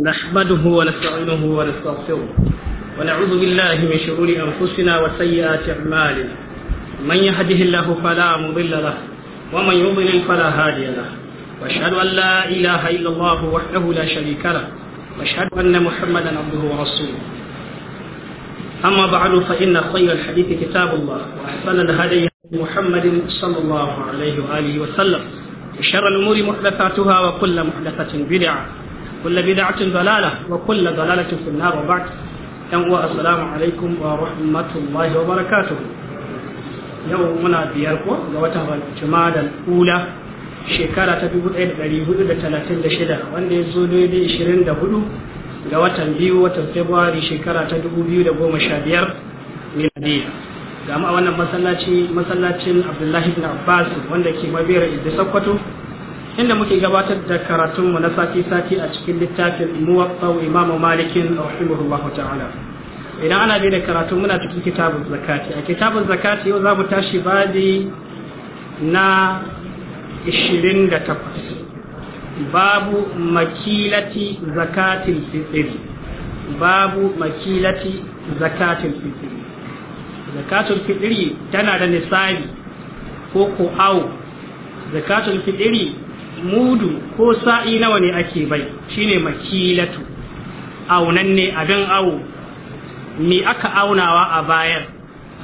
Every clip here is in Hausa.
نحمده ونستعينه ونستغفره ونعوذ بالله من شرور أنفسنا وسيئات أعمالنا من يهده الله فلا مضل له ومن يضلل فلا هادي له وأشهد أن لا إله إلا الله وحده لا شريك له وأشهد أن محمدا عبده ورسوله أما بعد فإن خير الحديث كتاب الله وأحسن الهدي محمد صلى الله عليه وآله وسلم وشر الأمور محدثاتها وكل محدثة بدعة كل بدعة ضلالة وكل ضلالة في النار وبعد أن السلام عليكم ورحمة الله وبركاته يومنا بيركو لوتها الجماد الأولى shekara ta 1436 wanda ya zo daidai 24 ga watan biyu watan februari shekara ta 2015 miladiya ga ma wannan masallaci masallacin abdullahi ibn abbas wanda ke mabera idda sakkwato inda muke gabatar da karatunmu na sati-sati a cikin littafin wa imamu malikin rahimahullahu ta'ala idan ana bi da karatu muna cikin kitabun zakati a kitabun zakati yau za mu tashi babi na 28 babu makilati zakatin fitr babu makilati zakatin fitr zakatin fitr tana da nisabi ko ko au zakatin fitr mudu ko sa'i nawa ne ake bai shine makilatu aunan ne abin awo me aka aunawa a bayar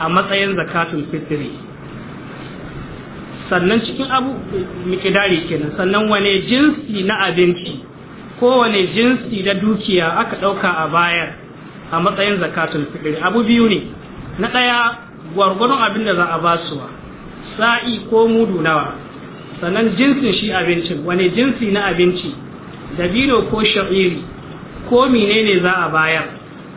a matsayin zakatun fitri sannan cikin abu mikidari kenan sannan wane jinsi na abinci ko wane jinsi na dukiya aka ɗauka a bayar a matsayin zakatun fitri abu biyu ne na ɗaya gwargwadon abin da za a basuwa sa'i ko mudu nawa sannan jinsin shi abincin wani jinsi na abinci dabino ko sha'iri ko menene za a bayar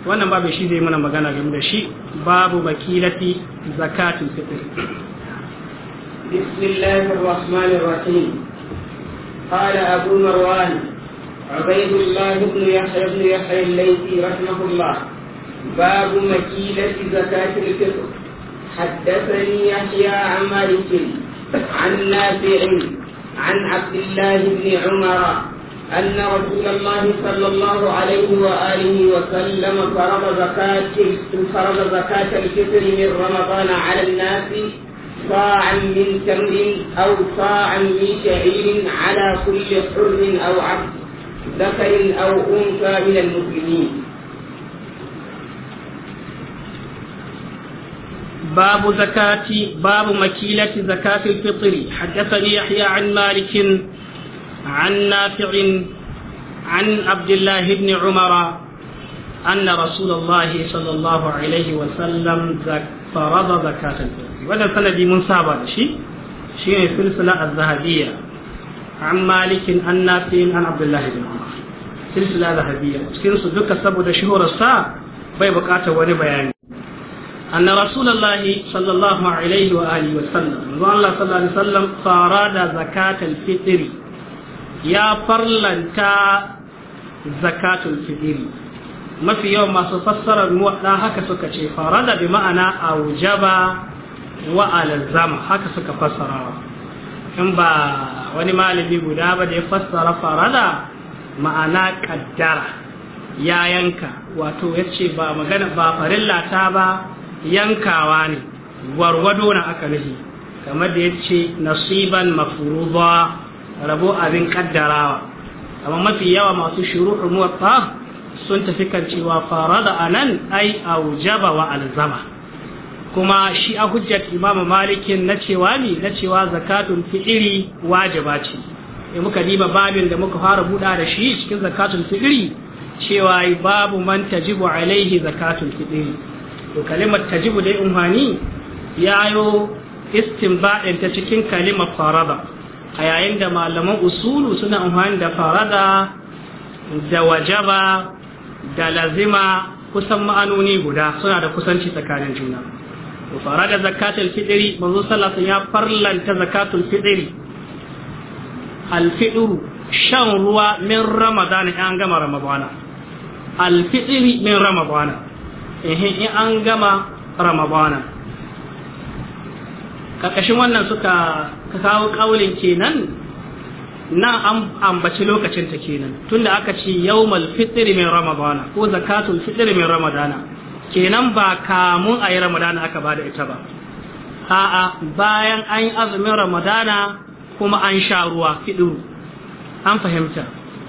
wannan babu shi zai mana magana game da shi babu makilati zakatun fitr بسم الله الرحمن الرحيم قال أبو مروان عبيد الله بن يحيى بن يحيى الليثي رحمه الله باب مكيلة زكاة الفطر حدثني يحيى عن مالك عن نافع عن عبد الله بن عمر أن رسول الله صلى الله عليه وآله وسلم فرض زكاة فرض زكاة الفطر من رمضان على الناس صاعا من تمر أو صاعا من شعير على كل حر أو عبد ذكر أو أنثى من المسلمين باب زكاة باب مكيلة زكاة الفطر حدثني يحيى عن مالك عن نافع عن عبد الله بن عمر أن رسول الله صلى الله عليه وسلم فرض زكاة الفطر وهذا سند من سابق شيء شيء سلسلة الذهبية عن مالك عن نافع عن عبد الله بن عمر silsila zahabiya cikin su duka saboda shuhurar sa bai bukatar wani bayani أن رسول الله صلى الله عليه وآله وسلم رضوان الله صلى الله عليه وسلم فأراد زكاة الفطر يا فرلن تا زكاة الفطر ما في يوم ما تفسر الموحدة هكا سكا شيء فأراد بمعنى أوجب وألزم هكا سكا فسر إن با wani malami guda ba da ya fassara farada ma'ana kaddara ya yanka wato ya ce ba magana ba farilla ta ba yankawa ne gwargwado na aka nufi kamar da ya ce nasiban mafuruba rabo abin kaddarawa amma mafi yawa masu shuru'u muwatta sun tafi kan cewa farada anan ai wujaba wa alzama kuma shi a hujjar imam malikin na cewa ne na cewa zakatun fi'iri wajaba ce in muka diba babin da muka fara buɗa da shi cikin zakatun fi'iri cewa babu man tajibu alaihi zakatun fi'iri to kalimar tajibu dai umhani yo istinbadin ta cikin kalimar farada a yayin da malaman usulu suna umhani da farada da wajaba da lazima kusan ma'anoni guda suna da kusanci tsakanin juna to farada zakatul fitri manzo sallallahu alaihi wasallam ya farlanta zakatul fiɗiri, alfidru shan ruwa min ramadana an gama ramadana alfidri min ramadana in an gama ramadana kakashin wannan suka kawo kaulin kenan nan an ambaci lokacinta ta kenan tunda aka ce yawmal fitr mai ramadana ko zakatun fitr mai ramadana kenan ba kamun ayi ramadana aka bada ita ba a'a bayan an yi azumin ramadana kuma an sha ruwa fidiru an fahimta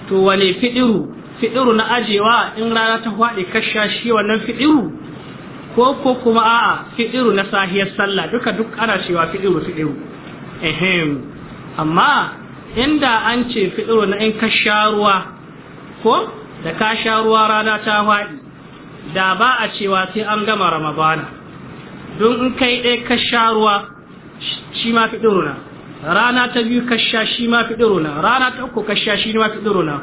to wane fiɗiru fiɗiru na ajewa in rana ta faɗi kasha shi wannan fiɗiru ko ko kuma a'a fiɗiru na sahiyar sallah duka duk ana cewa fiɗiru fiɗiru ehem amma inda an ce fiɗiru na in kasha ruwa ko da ka sha ruwa rana ta faɗi da ba a cewa sai an gama ramadana don in kai ɗaya ka sha ruwa shi ma fiɗiru na rana ta biyu ka sha shi ma fiɗiru na rana ta uku ka sha shi ma fiɗiru na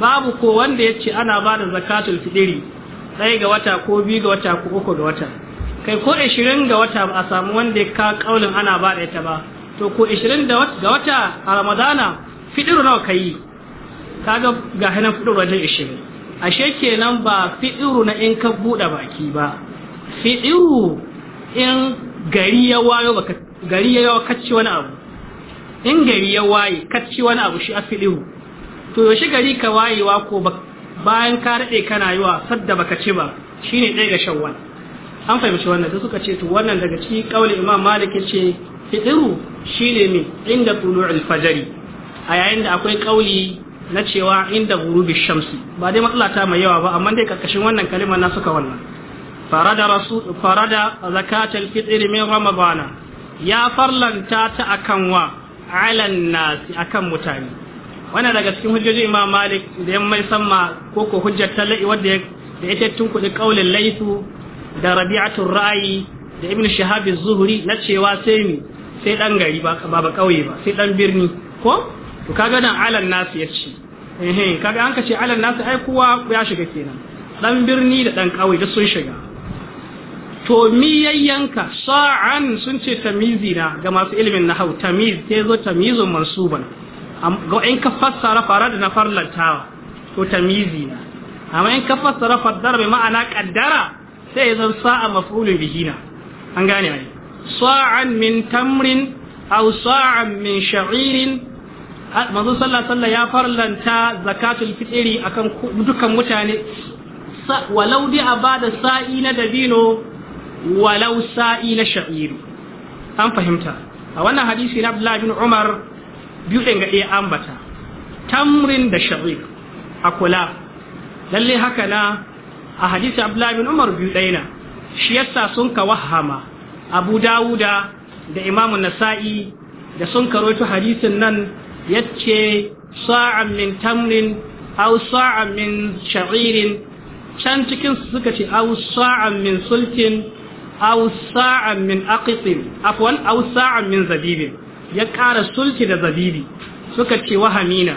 babu ko wanda ya ce ana ba da zakatul fidiri ɗaya ga wata ko biyu ga wata ko uku ga wata kai ko ishirin ga wata ba a samu wanda ya kawo ƙaunin ana ba da ita ba to ko ishirin ga wata a ramadana fidiru nawa ka yi kaga ga hannun fidiru wajen ishirin. ashe kenan ba fidiru na in ka buɗe baki ba fidiru in gari ya wayo baka gari ya yawa kacci wani abu in gari ya waye kacci wani abu shi a fidiru to yaushe gari ka wayewa ko bayan ka daɗe kana yiwa sadda baka ci ba shine ɗaya ga shawwal an fahimci wannan da suka ce to wannan daga cikin kauli imam malik ce fitiru shine min inda tulu'ul fajari a yayin da akwai kauli na cewa inda gurubi shamsi ba dai matsala ta mai yawa ba amma dai karkashin wannan kalima na suka wannan farada rasul farada zakatul fitr min ramadana ya farlanta ta akan wa alan nasi akan mutane wannan daga cikin hujjoji imam malik da ya mai samma ko ko hujjar talai wadda ya da ita tun kuɗi kaulin laitu da rabi'atul ra'ayi da Ibn shahab az-zuhri na cewa sai mi sai dan gari ba ba kauye ba sai dan birni ko to kaga dan alan nasu yace eh kaga an kace alan nasu ai kowa ya shiga kenan dan birni da dan kauye da sun shiga to mi yayyanka sa'an sun ce tamizina ga masu ilimin nahau tamiz sai zo tamizun mansuban ga in ka fassara da na farlantawa to tamizi na amma in ka fassara faddar bi ma'ana kaddara sai zan sa'a maf'ulun bihi na an gane ai sa'an min tamrin aw sa'an min sha'irin manzo sallallahu alaihi ya farlanta zakatul fitri akan dukkan mutane walau dai a bada sa'i na dabino walau sa'i na sha'iru an fahimta a wannan hadisi na Abdullah bin Umar biyu ɗin ga ɗaya ambata tamrin da shariq a kula lalle haka na a hadisi abdullahi bin umar biyu ɗaya na shi yasa sun ka wahama abu dawuda da imamu nasa'i da sun karoto hadisin nan yace sa'an min tamrin aw sa'an min sha'irin can cikin suka ce aw sa'an min sultin aw sa'an min aqitin afwan aw sa'an min zabibin ya ƙara sulki da zabibi suka ce wahamina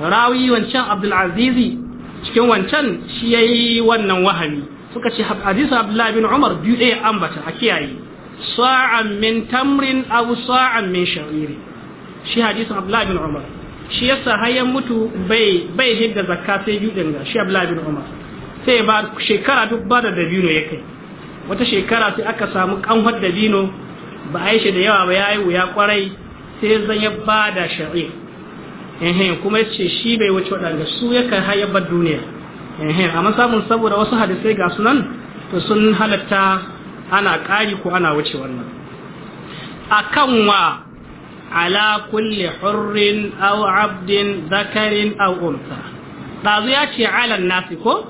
rawi wancan abdulazizi cikin wancan shi ya yi wannan wahami suka ce hadisun abdullahi bin umar biyu ɗaya ambata a kiyaye sa'an min tamrin abu sa'an min sha'iri shi hadisun abdullahi bin umar shi yasa hayan mutu bai bai hidda zakka sai biyu ɗin ga shi abdullahi bin umar sai ba shekara duk ba da dabino ya kai wata shekara sai aka samu kanwar dabino ba a yi shi da yawa ba ya yi wuya kwarai sai zan ya ba da shari'a ehe kuma ya ce shi bai wuce waɗanda su ya yakan ba duniya ehe amma samun saboda wasu hadisai ga sunan to sun halatta ana ƙari ko ana wuce wannan kan wa ala kulli hurrin aw abdin zakarin aw unsa dazu ya ce ala nasi ko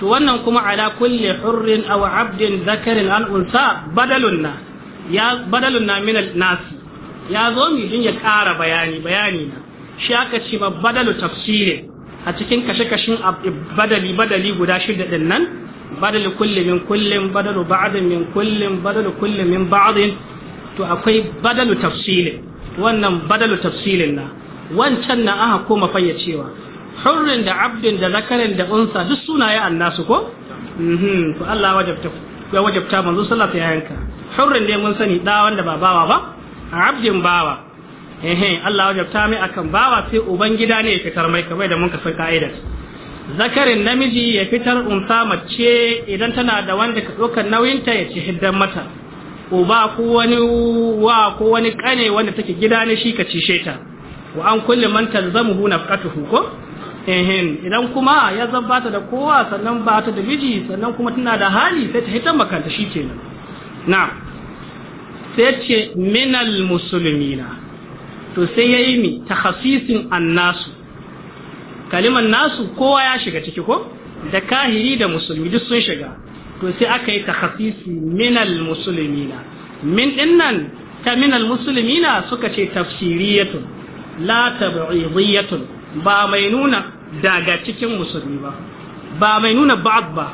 to wannan kuma ala kulli hurrin aw abdin zakarin aw unsa badalun na ya badalun na min nasi ya zo mi din ya ƙara bayani bayani na shi aka ce ba badalu tafsirin a cikin kashe-kashen badali badali guda shida din nan badalu kulli min kullin badalu ba'din min kullin badalu kulli min ba'din to akwai badalu tafsirin wannan badalu tafsirin na wancan na aka koma fayyacewa hurrin da abdin da zakarin da unsa duk sunaye annasu ko mhm to Allah wajabta ya wajabta manzo sallallahu alaihi wasallam hurrin dai mun sani da wanda ba bawa ba abdin bawa ehe Allah jabta mai akan bawa sai ubangida ne ya fitar mai kamar da mun ka san kaida zakarin namiji ya fitar umsa mace idan tana da wanda ka ɗaukar nauyinta ya ci hiddan mata uba ko wani wa ko wani kane wanda take gida ne shi ka cishe ta wa an kulli man talzamuhu nafqatuhu ko ehe idan kuma ya zabbata da kowa sannan ba ta da miji sannan kuma tana da hali sai ta hitan makanta kenan na'am sai ce minal musulmina to sai ya yi mi takhasisin annasu kalimar nasu kowa ya shiga ciki ko da kahiri da musulmi duk sun shiga to sai aka yi takhasisi minal musulmina min dinnan ta minal musulmina suka ce tafsiriyatun la tab'idiyatun ba mai nuna daga cikin musulmi ba ba mai nuna ba'ad ba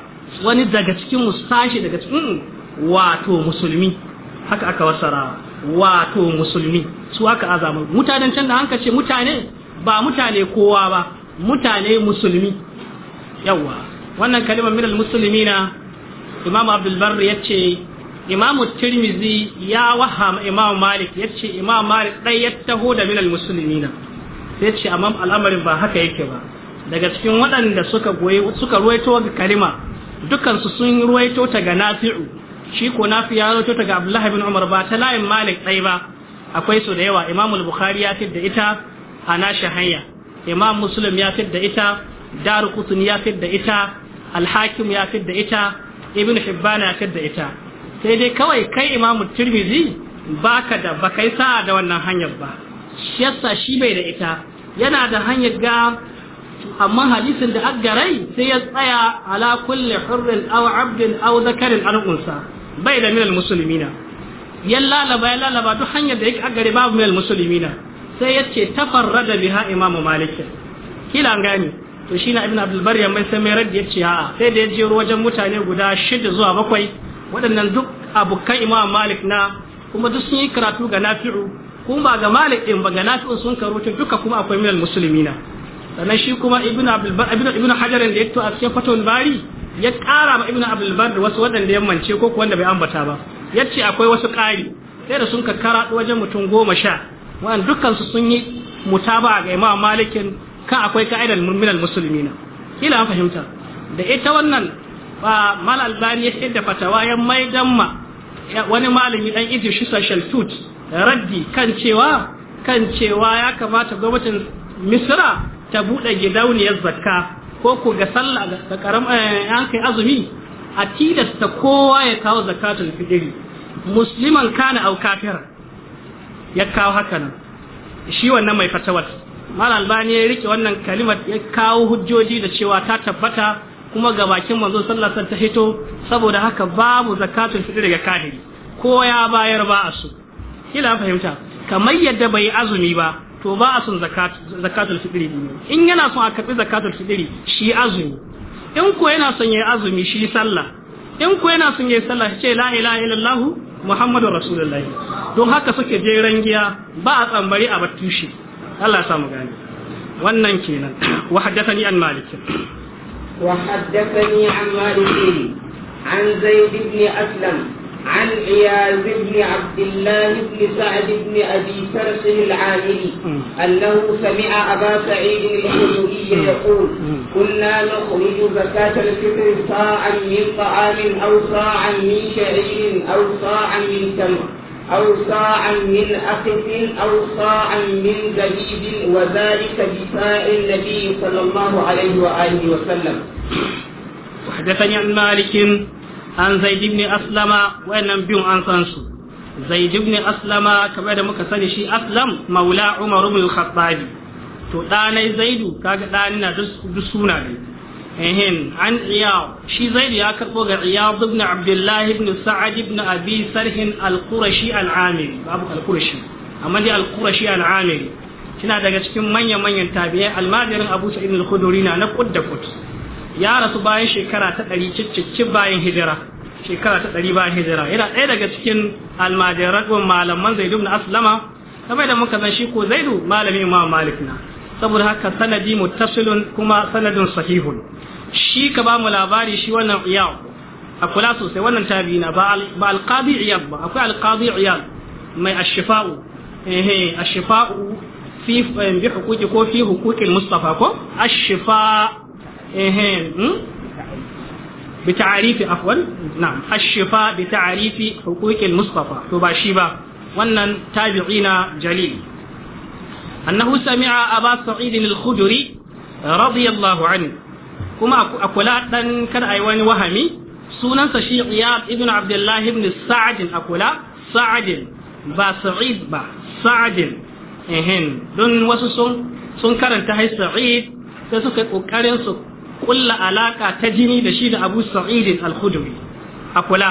wani daga cikin musashi daga cikin wato musulmi haka aka wasara wato musulmi su aka azama mutanen can da hanka ce mutane ba mutane kowa ba mutane musulmi yawa wannan kalimar minal musulmi na imam abdulbar ya ce imamu tirmizi ya wahama imam malik ya ce imam malik dai ya taho da minal musulmi na sai ce amma al'amarin ba haka yake ba daga cikin waɗanda suka goyi suka ruwaito ga kalima dukansu sun ruwaito ta ga nafi'u shi ko fi ya to daga Abdullah ibn Umar ba ta layin Malik dai ba akwai su da yawa Imam al-Bukhari ya fitta ita a nashi hanya Imam Muslim ya fitta ita Daruqutni ya fitta ita Al-Hakim ya fitta ita Ibn Hibban ya fitta ita sai dai kawai kai Imam Tirmidhi baka da bakai sa'a da wannan hanyar ba shi yasa shi bai da ita yana da hanyar ga amma hadisin da aggarai sai ya tsaya ala kulli hurrin aw abdin aw zakarin al-unsa bai da minal musulmina yan lalaba ya lalaba duk hanyar da yake a gare babu minal musulmina sai ya ce tafarrada biha imam malik kila an gani to shi na ibn abdul bari mai sai mai ya ce a'a sai da ya je wajen mutane guda shida zuwa bakwai waɗannan duk abokan imam malik na kuma duk sun yi karatu ga nafi'u kuma ba ga malik din ba ga nafi'u sun karutu duka kuma akwai minal musulmina sannan shi kuma ibn abdul ibn hajar da ya to a cikin fatul bari ya ƙara ma ibn abdulbar da wasu waɗanda ya mance ko wanda bai ambata ba ya ce akwai wasu ƙari sai da sun kakkara wajen mutum goma sha wa'an dukkansu sun yi mutaba ga imam malikin kan akwai ka'idar minal musulmina kila an fahimta da ita wannan ba mal albani ya da fatawa ya mai damma wani malami dan Egypt shi social food raddi kan cewa kan cewa ya kamata gwamnatin Misra ta buɗe gidauniyar zakka ko ku ga sallah ga karam an eh, kai azumi a tilasta kowa ya kawo zakatul fitri musliman kana au kafiran ya kawo haka nan shi wannan mai fatawa mal albani ya rike wannan kalimar ya kawo hujjoji da cewa ta tabbata kuma ga bakin manzo sallallahu alaihi ta hito saboda haka babu zakatul fitr ga kafiri ko ya bayar ba a su kila fahimta kamar yadda bai azumi ba to ba a son zakatul fitiri in yana son a karbi zakatul fitiri shi azumi in ko yana son yayi azumi shi sallah in ko yana son yayi sallah ce la ilaha illallah muhammadur rasulullah don haka suke jeran giya ba a tsambari a battushi Allah ya samu gani wannan kenan wa haddathani an malik wa haddathani an malik an zaid ibn aslam عن عياذ بن عبد الله بن سعد بن ابي سرس العامري انه سمع ابا سعيد الخدري يقول كنا نخرج زكاه الفطر صاعا من طعام او صاعا من شعير او صاعا من تمر أو صاعا من أخف أو صاعا من زبيب وذلك بساء النبي صلى الله عليه وآله وسلم وحدثني عن مالك an zaid ibn aslama wayannan biyun an san su zaid ibn aslama kamar da muka sani shi aslam maula umar ibn khattabi to danai zaidu kaga dani na duk suna ne ehin an iya shi zaidu ya karbo ga iyad ibn abdullah ibn sa'ad ibn abi sarhin al-qurashi al-amiri babu al-qurashi amma dai al-qurashi al-amiri kina daga cikin manyan manyan tabi'ai almajirin abu sa'id al khudurina na na da ya rasu bayan shekara ta ɗari ciccicin bayan hijira shekara ta ɗari bayan hijira yana ɗaya daga cikin almajiran malaman zaidu na aslama kamar da muka zan shi ko zaidu malamin imam malik na saboda haka sanadi muttasilun kuma sanadin sahihun shi ka ba mu labari shi wannan iyab a kula sosai wannan tabi na ba alqadi iyab ba akwai alqadi iyab mai ashifa'u eh ashifa'u fi bi huquqi ko fi huquqil mustafa ko ashifa Hmm? bita'arifi afwan na'am ashifa bita'arifi huquqil mustafa to ba shi ba wannan tabi'ina jalil annahu sami'a aba sa'id al-khudri radiyallahu anhu kuma akula dan kada ai wani wahami sunansa shi iyad ibn abdullah ibn sa'd akula sa'd ba sa'id ba sa'd ehin don wasu sun sun karanta hai sa'id sai suka kokarin su kulla alaka ta jini da shi da Abu Sa'id al-Khudri a kula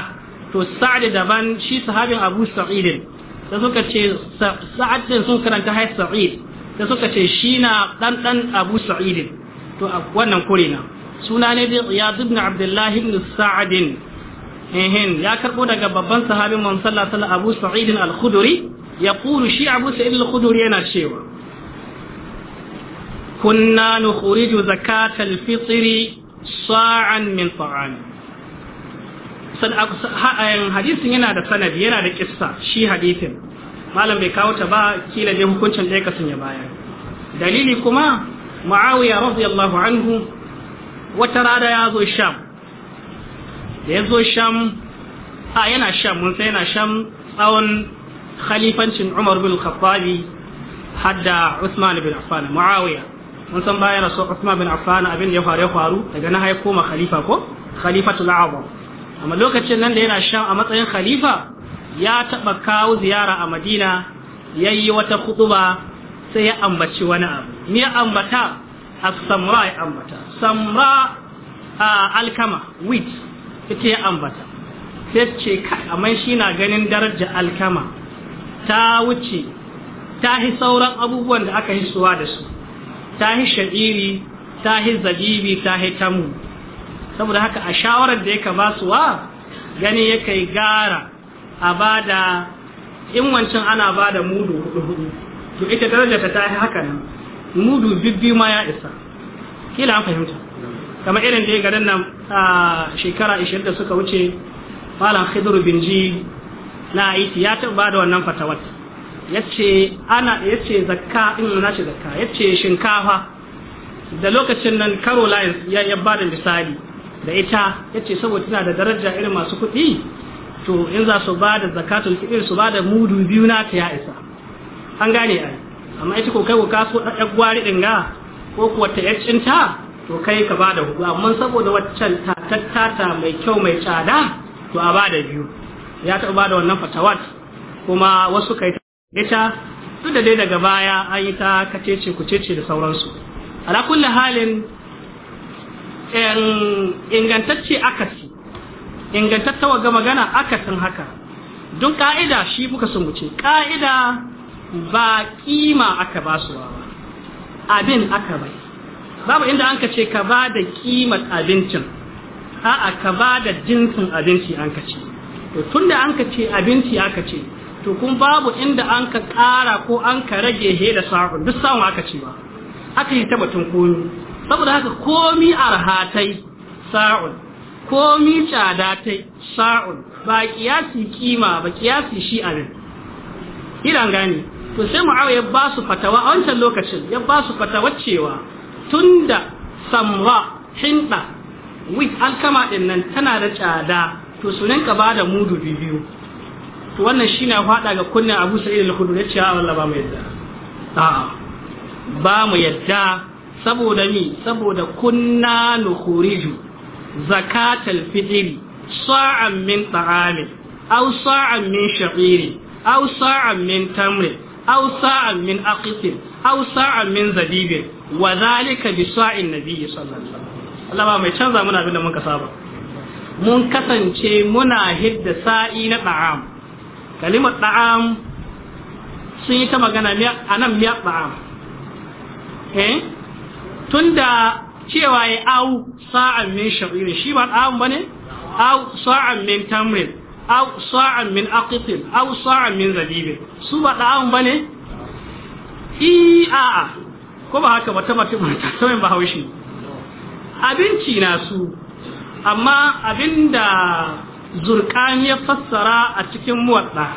to Sa'ad daban shi sahabin Abu Sa'id da suka ce Sa'ad din sun karanta hay Sa'id da suka ce shi na dan dan Abu Sa'id to wannan kure na suna ne da Iyad ibn Abdullah ibn Sa'ad ehin ya karbo daga babban sahabin Muhammad sallallahu alaihi wasallam Abu Sa'id al-Khudri yaqulu shi Abu Sa'id al-Khudri yana cewa kunna nukhriju zakatal fitri sa'an min ta'am hadisin yana da sanadi yana da kissa shi hadisin malam bai kawo ta ba kila dai hukuncin da kasan ya baya dalili kuma muawiya radiyallahu anhu wata rada ya zo sham da ya zo sham a yana sham mun sai yana sham tsawon khalifancin umar bin khattabi hadda usman bin affan muawiya mun san bayan rasu Uthman bin Affan abin ya faru ya faru daga na ya koma khalifa ko al azam amma lokacin nan da yana shan a matsayin khalifa ya taba kawo ziyara a Madina yayi wata khutba sai ya ambaci wani abu ni ya ambata as-samra ya ambata samra alkama wheat ita ya ambata sai ce amma shi na ganin daraja alkama ta wuce ta hi sauran abubuwan da aka hisuwa da su ta yi sha'iri ta yi zabibi ta yi tamu saboda haka a shawarar da yaka wa gani ya kai gara a bada in wancan ana bada mudu hudu hudu to ita daraja ta yi haka nan mudu bibbi ma ya isa kila an fahimta kamar irin da ya garin nan a shekara 20 da suka wuce malam khidru bin ji na aiki ya taɓa da wannan fatawar yace ana zakka in na ce zakka yace shinkafa da lokacin nan Caroline ya ya bada misali da ita yace saboda tana da daraja irin masu kuɗi to in za su bada zakatul fitr su bada mudu biyu na ta ya isa an gane a amma ita ko kai ko kaso da yar gwari din ga ko kuwa ta to kai ka bada hudu amma saboda waccan ta tattata mai kyau mai tsada to a bada biyu ya taɓa bada wannan fatawat kuma wasu kai ita duk da dai daga baya an yi ta kacece kucece da sauransu ala kulli halin ingantacce akasi ingantattawa ga magana akasin haka don ka'ida shi muka sun wuce ka'ida ba kima aka ba su ba abin aka bai babu inda an ka ce ka ba da kimar abincin a'a ka ba da jinsin abinci an ka ce to tunda an ka ce abinci aka ce to kun babu inda an ka ƙara ko an ka rage he da sa'un duk sa'un aka ce ba aka yi ta batun koyo saboda haka komi arhatai sa'un komi tai sa'un ba kiyasi kima ba kiyasi shi abin idan gane to sai mu'awiya ya ba su fatawa a wancan lokacin ya ba su fatawa cewa tunda samra hinda wit alkama din nan tana da tsada to su ka ba da mudu biyu to wannan shine a fada ga kunnin Abu Sa'id al-Khudri yace a Allah ba mu yadda a'a ba mu yadda saboda mi saboda kunna nukhriju zakatal fitri sa'an min ta'amin aw sa'an min sha'irin aw sa'an min tamri, aw sa'an min aqisin aw sa'an min zabibin wa zalika bi sa'in nabiyyi sallallahu alaihi wasallam Allah ba mai canza muna abin da muka saba mun kasance muna hidda sa'i na ta'am kalimar da'am sun yi ta magana a nan miya da'am eh da cewa ya au sa'an min shabirin shi ba da'am ne au sa'an min tamrin au sa'an min aqitin au sa'an min zabibin su ba da'am ba i a a ko ba haka ba ta mata ta ba haushi abinci na su amma abinda zurkani ya fassara a cikin muwadda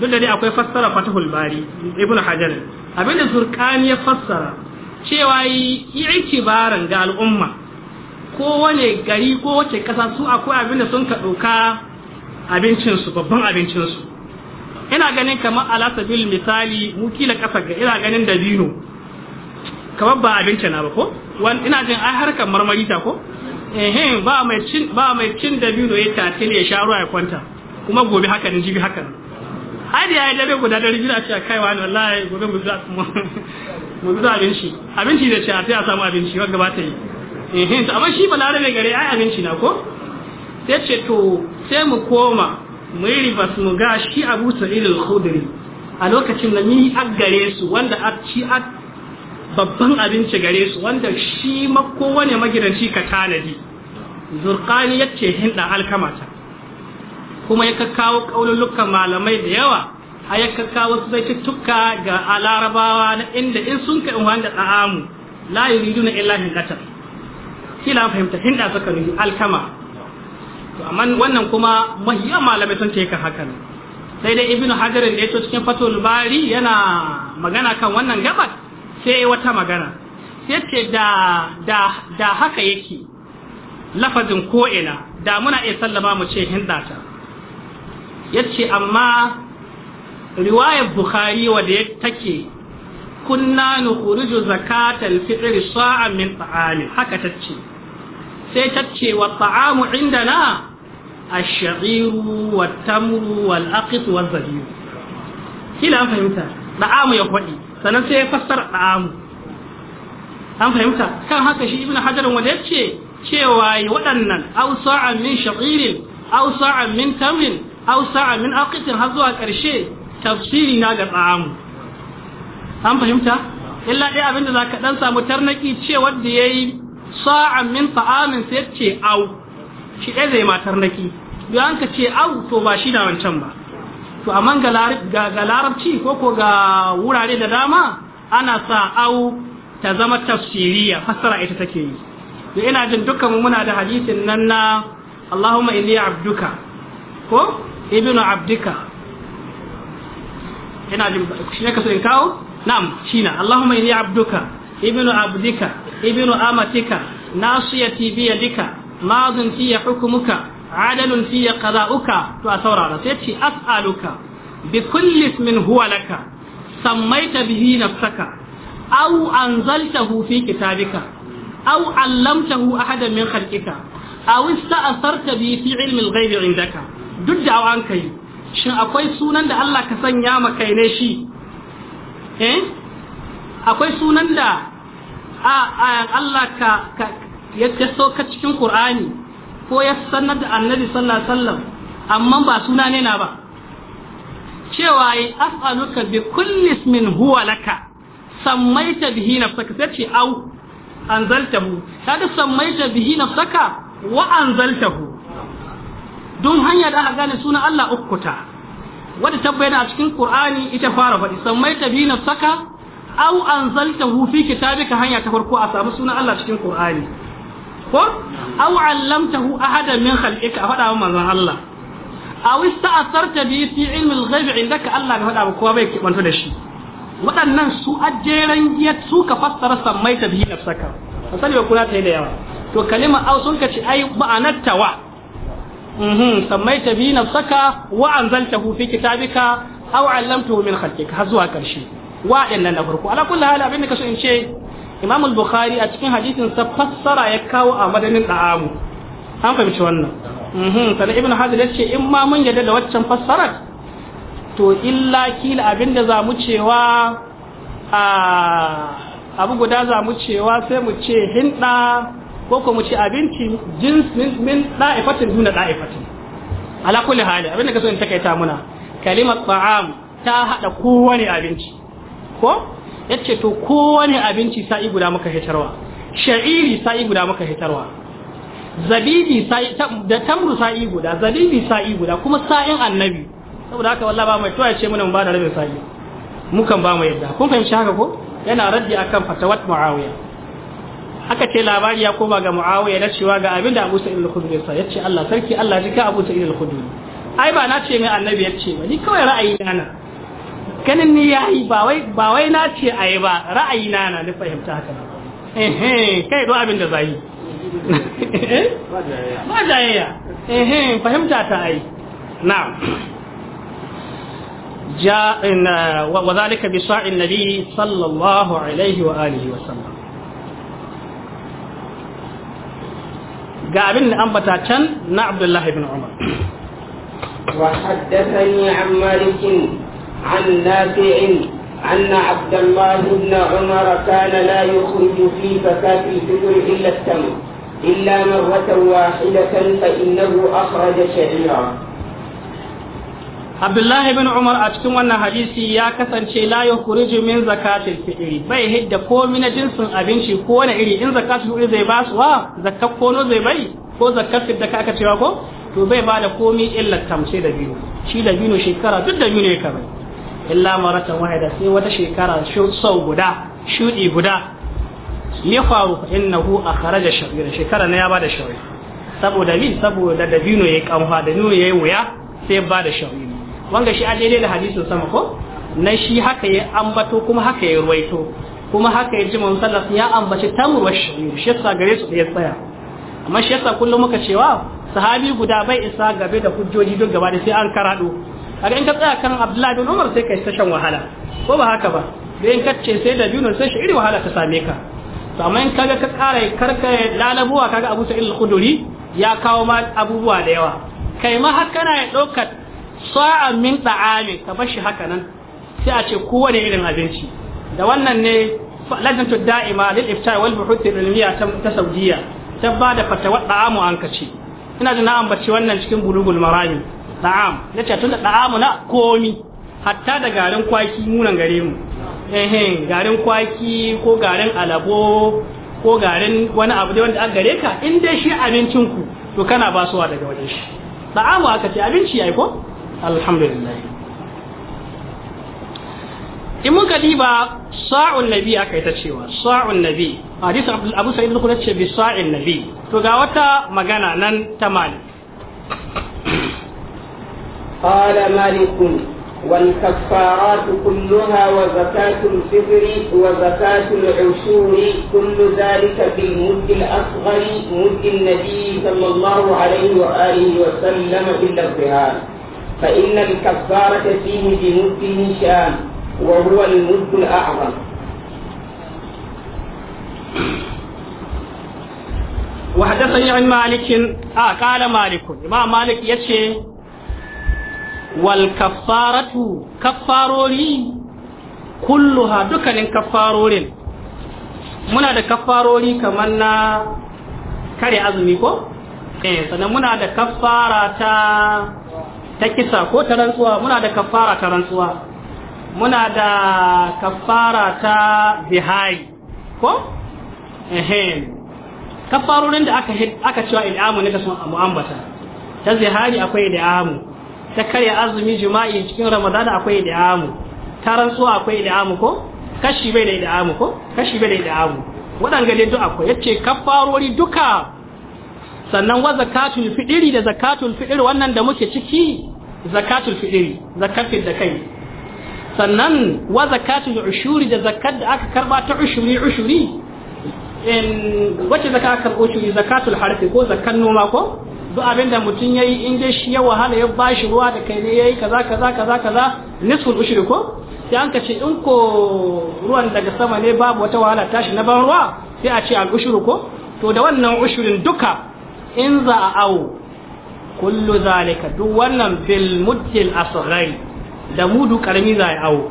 duk da dai akwai fassara fatahul bari ibn hajar abin da zurkani ya fassara cewa yi ikibaran ga al'umma kowane gari ko wace kasa su akwai abin da sun ka ɗauka abincinsu babban abincinsu ina ganin kamar alasabil misali mukila kasa ga ina ganin dabino kamar ba abincin na ba ko ina jin ai harkar marmari ta ko Ehin, ba mai cin ba mai cin dabino ya tatile ya sha ya kwanta kuma gobe haka ne jibi haka ne hadi yayi dabe guda da rigina ce kai wani wallahi gobe mu za mu mu za abinci abinci da ce a sai a samu abinci wanda ba ta yi Ehin amma shi balarabe gare ai abinci na ko sai ce to sai mu koma mu yi ribas mu ga shi Abu Sa'id khudri a lokacin da ni aggare su wanda a ci babban abinci gare su wanda shi mako kowane magidanci ka tanadi zurkani hinɗa hinda alkamata kuma ya kakkawo kaululukan malamai da yawa a ya kakkawo su zai tukka ga alarabawa na inda in sun ka in da ɗa'amu layi yuridu na illa hindata kila fahimta hinɗa suka nufi alkama to amma wannan kuma mahiya malamai sun ce yi haka sai dai ibnu hajarin da ya to cikin fatul bari yana magana kan wannan gabas sai wata magana sai ce da da da haka yake lafazin ko ina da muna iya sallama mu ce hindata yace amma riwayar bukhari wadda ya take kunna nukhruju zakatal fitr sa'an min ta'ami haka tace sai tace wa ta'amu indana الشعير والتمر والأقط والزبيب da amu ya يقولي sannan sai ya fassara da'amu an fahimta kan haka shi ibn hajar wanda ce cewa waɗannan aw sa'an min sha'irin aw sa'an min tamrin aw min aqitin har zuwa ƙarshe tafsiri na ga amu? an fahimta illa dai za ka dan samu tarnaki wanda ya yayi sa'an min ta'amin sai ce au shi ɗaya zai ma tarnaki bayan ka ce au to ba shi da wancan ba to amma ga larabci ko ko ga wurare da dama ana sa au ta zama tafsiriya fasara ita take yi to ina jin dukkan muna da hadisin nan na Allahumma inni abduka ko ibnu abdika ina jin shi ne ka so in kawo na'am shina Allahumma inni abduka ibnu abdika ibnu amatika nasiyati biyadika madun fi hukmuka adalun fiye qada'uka to a saurara sai ce as'aluka bi kulli min huwa laka sammaita bihi nafsaka aw anzaltahu fi kitabika aw allamtahu ahadan min khalqika aw ista'sarta bi fi ilmi al-ghaibi indaka duk da an kai shin akwai sunan da Allah ka sanya maka ne shi eh akwai sunan da a Allah ka ya so ka cikin Qur'ani ko ya sanar da annabi sallallahu alaihi amma ba suna ne na ba cewa yi as'aluka bi kulli ismin huwa laka sammaita bihi nafsaka sai ce au anzaltahu kada sammaita bihi nafsaka wa anzaltahu don hanya da aka gane suna Allah ukkuta wanda tabbayana a cikin Qur'ani ita fara faɗi sammaita bihi nafsaka au anzaltahu fi kitabika hanya ta farko a samu suna Allah cikin Qur'ani ko aw allamtahu ahadan min khalqika faɗa wa manzon Allah aw ista'sarta bi fi ilmi al-ghaib indaka Allah bai faɗa ba kowa bai kibanta da shi waɗannan su ajeren giya su ka fassara sammai ta bihi nafsaka asali ba kuna ta yi da yawa to kalima aw sun ka ce ai ma'anar tawa mhm, sammai ta bihi nafsaka wa anzaltahu fi kitabika aw allamtahu min khalqika har zuwa karshe nan na farko ala kulli hal abin da kaso in ce imam bukhari a cikin hadisin sa fassara ya kawo a madanin da'amu an fahimci wannan mhm sanan ibnu hajar ya ce in ma mun yadda da waccan fassarar to illa kila abinda za mu cewa a abu guda za mu cewa sai mu ce hinda ko ko mu ce abinci jins min min da'ifatin duna da'ifatin ala kulli hali abinda kaso in takaita muna kalimar ta'am ta hada kowane abinci ko yace to kowane abinci sa'i guda maka hitarwa sha'iri sa'i guda maka hitarwa zabibi sa'i da tamru sa'i guda zabibi sa'i guda kuma sa'in annabi saboda haka wallahi ba mai to ya ce mun ba da rabin sa'i mukan ba mu yadda kun fahimci haka ko yana raddi akan fatawat muawiya aka ce labari ya koma ga muawiya na cewa ga abin da abu sa'id al-khudri ya yace Allah sarki Allah jika abu sa'id al-khudri ai ba na ce mai annabi yace ba ni kawai ra'ayi na nan ganin ni yayi ba ba wai na ce ayi ba ra'ayi na na ni fahimta haka eh kai do abin da eh? ba jayayya fahimta ta ga abin da ambata can na Abdullah ibn Umar عن نافع أن عبد الله بن عمر كان لا يخرج في زكاة الفطر إلا التمر إلا مرة واحدة فإنه أخرج شعيرا Abdullahi bin Umar a cikin wannan hadisi ya kasance la yukhriju min zakatil fitri bai hidda ko mina jinsin abinci ko wani iri in zakatul fitri zai basuwa zakat kono zai bai ko zakat da aka cewa ko to bai ba da komi illa tamshe da biyu shi da biyu shekara duk da biyu ne kamar illa maratan wahida sai wata shekara sau guda shudi guda ya faru innahu akhraja shabir shekara na ya bada shawi saboda bi saboda da dabino yayi kanfa da nuno yayi wuya sai bada shawi wanga shi a daidai da hadisin sama ko na shi haka ya ambato kuma haka ya ruwaito kuma haka ya ji sallas ya ambaci tamur shari'a shi yasa gare su ya tsaya amma shi yasa kullum muka cewa sahabi guda bai isa gabe da hujjoji duk gaba da sai an karado kaga in ka tsaya kan Abdullahi bin Umar sai ka ta tashan wahala ko ba haka ba da in kace sai da biyu sai shi iri wahala ta same ka to amma in kaga ka kara karka lalabuwa kaga Abu Sa'id al-Khudri ya kawo ma abubuwa da yawa kai ma har kana ya daukar sa'a min da'ami ka bar shi haka nan sai a ce kowane irin abinci da wannan ne lajnatu da'ima lil iftar wal buhuth ilmiya ta Saudiya ta bada fatawa amu an kace ina jin na ambaci wannan cikin bulugul marami da'am na ce tun da da'amu na komi hatta da garin kwaki munan gare mu ehem garin kwaki ko garin alabo ko garin wani abu da wanda an gare ka in dai shi abincin ku to kana suwa daga wajen shi da'amu aka ce abinci ya yi ko alhamdulillah in muka diba sa'un nabi aka yi ta cewa sa'un nabi hadisin abu sa'id al ce bi sa'in nabi to ga wata magana nan ta mali. قال مالك والكفارات كلها وزكاة الفطر وزكاة العشور كل ذلك بالمد الأصغر مد النبي صلى الله عليه وآله وسلم إلا الظهار فإن الكفارة فيه بمد هشام وهو المد الأعظم وحدثني عن مالك آه قال مالك إمام مالك يشي wal kaffaratu kaffarori kulluha dukkanin kaffarorin muna da kaffarori kamar na kare azumi ko eh sannan muna da kaffara ta ta kisa ko ta rantsuwa muna da kaffara ta rantsuwa muna da kaffara ta zihari ko ehem kaffarorin da aka aka cewa il'amu ne ta sun mu'ambata ta zihari akwai il'amu ta karya azumi jima'i cikin ramadan akwai idamu ta rantsuwa akwai idamu ko kashi bai da idamu ko kashi bai da idamu waɗanga dai duk akwai yace kafarori duka sannan wa zakatul fidiri da zakatul fidiri wannan da muke ciki zakatul fidiri zakatul da kai sannan wa zakatul ushuri da zakat da aka karba ta ushuri ushuri in wacce zaka karbo ushuri zakatul harfi ko zakan noma ko duk abin da mutum yayi in dai shi ya wahala ya bashi ruwa da kai ne ya yi kaza kaza kaza kaza nisful ushri ko sai an kace in ko ruwan daga sama ne babu wata wahala tashi na ban ruwa sai a ce al ushru ko to da wannan ushirin duka in za a awo kullu zalika duk wannan fil mudil asghari da mudu karami za a awo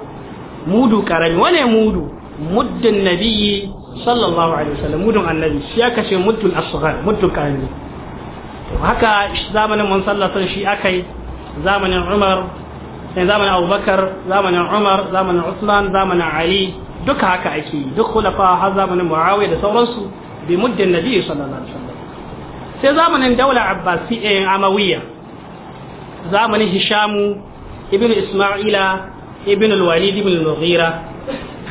mudu karami wane mudu muddin nabiyyi sallallahu alaihi wasallam mudun annabi shi aka ce muddul asghar muddul karami haka zamanin mun sallatar shi akai zamanin umar sai zamanin abubakar zamanin umar zamanin usman zamanin ali duka haka ake yi duk khulafa har zamanin muawiya da sauransu bi muddin nabi sallallahu alaihi wasallam sai zamanin daula abbasiyya eh, amawiya zamanin hishamu Ibn isma'ila Ibn al-walid ibn al-mughira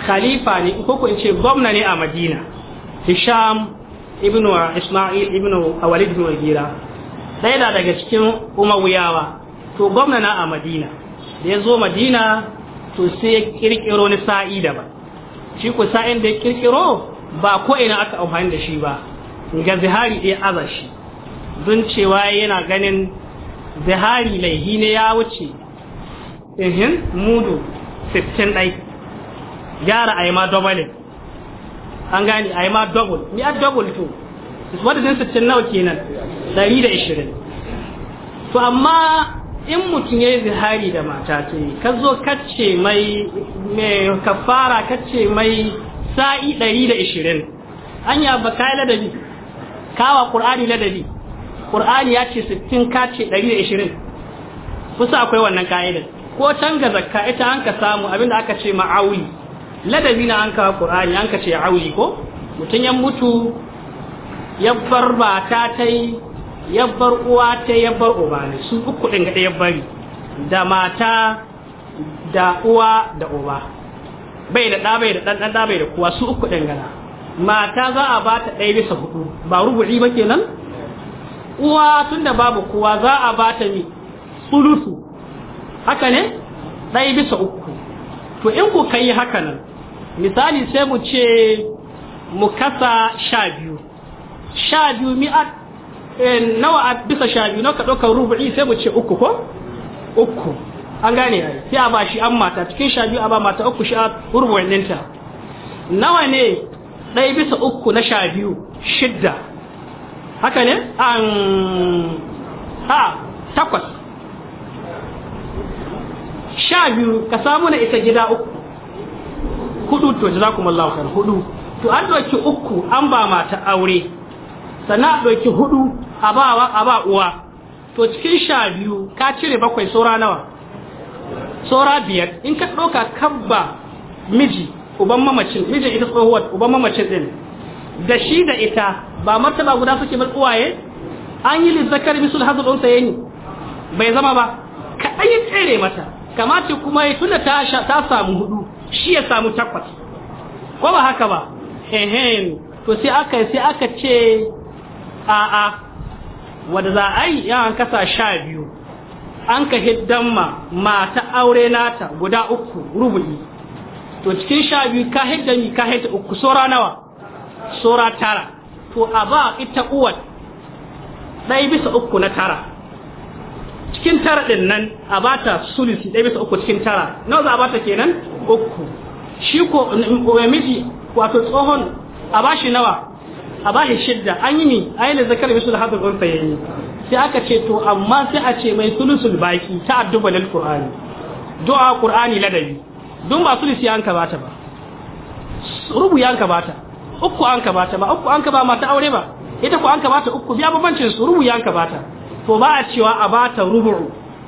khalifa ne ko ko in ce gwamna ne a madina hisham ibnu Isma'il ibnu awalid ibn Gira sai da daga cikin Umayyawa to gwamna na a Madina da ya zo Madina to sai ya kirkiro ni sa'i ba shi ku sa'in da ya kirkiro ba ko ina aka amfani da shi ba ga zihari ɗaya aza shi don cewa yana ganin zihari laihi ne ya wuce ihin mudu 15 ɗai gyara a yi ma dobalin an gane a yi ma double ni a double to madadin sittin nawa kenan ɗari da ishirin to amma in mutum ya yi zihari da mata ce ka zo kacce mai kafara kacce mai sa'i ɗari da ishirin an yi abu kayi ladabi kawa ƙur'ani ladabi ƙur'ani ya ce sittin kace ɗari da ishirin kusa akwai wannan ka'idar ko can ga zakka ita an ka samu abinda aka ce ma'auli ladabi na an kawo qur'ani an kace ce auli ko mutum ya mutu ya bar ba ta yi ya bar uwa ta ya bar uba ne su uku ɗin ga ya bari da mata da uwa da uba bai da ɗa bai da ɗan ɗan bai da kuwa su uku ɗin gana mata za a ba ta ɗaya bisa hudu ba rubu'i ba kenan uwa tun da babu kuwa za a ba ta ne sulusu haka ne ɗaya bisa uku to in ku kai haka nan misali sai mu ce mu kasa sha biyu sha biyu mi'at eh, nawa a bisa sha biyu na kaɗo kan rubu'i sai mu ce uku ko uku an gane ai sai a ba shi an mata cikin sha biyu a ba mata uku sha rubu'in ɗinta nawa ne ɗaya bisa uku na sha biyu shidda haka ne an a takwas sha biyu ka samu na isa gida uku hudu to jazakumullahu khair hudu to an doki uku an ba mata aure sana a doki hudu a ba uwa to cikin sha biyu ka cire bakwai sora nawa sora biyar in ka doka kabba miji uban mamacin mijin ita tsohuwar uban mamacin din da shi da ita ba martaba guda suke bar uwaye an yi lizzakar misul hazul unsa yani bai zama ba ka yi tsere mata kamace kuma tunda ta ta samu hudu shi ya samu takwas ko ba haka ba ehen to sai aka sai aka ce a a wadda za a yi yawan kasa sha biyu an ka hiddan ma mata aure nata guda uku rubu'i to cikin sha biyu ka hiddan yi ka hidda uku sora nawa sora tara to a ba ita uwa ɗaya bisa uku na tara cikin tara ɗin nan a ba ta sulisi ɗaya bisa uku cikin tara nawa za a ba ta kenan uku shi ko miji wato tsohon a bashi nawa a bashi shidda an yi ne a yi zakar da hadar urfa yayi sai aka ce to amma sai a ce mai sulusul baki ta addu'a lil qur'ani du'a qur'ani ladabi don ba sulusi an ka bata ba rubu an ka bata uku an ka bata ba uku an ka ba mata aure ba ita ko an ka bata uku biya babancin su rubu an ka bata to ba a cewa a bata rubu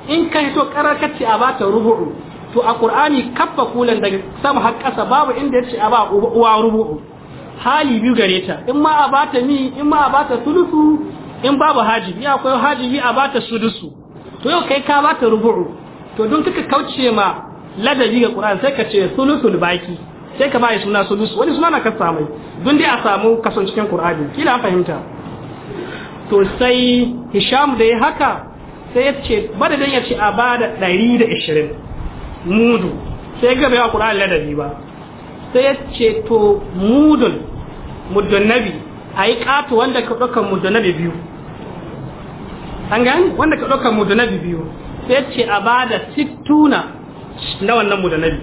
in ka hito karar kacce a bata rubu to a qur'ani kaffa kulan daga sama har ƙasa babu inda yace a ba uwa rubu hali biyu gare ta in ma a bata ni in ma a bata sulusu in babu hajibi akwai yi a bata sudusu to yau kai ka bata rubu'u to don kika kauce ma ladabi ga qur'ani sai ka ce sulusul baki sai ka bai suna sulus wani suna na ka samu don dai a samu kasan cikin qur'ani kila fahimta to sai hisham da ya haka sai ya ce dan ya ce a bada 120 mudu sai ga bai Qur'ani ladabi ba sai ya ce to mudun mudun nabi yi kato wanda ka dauka mudun nabi biyu an gani wanda ka dauka mudun nabi biyu sai ya ce a bada sittuna na wannan mudun nabi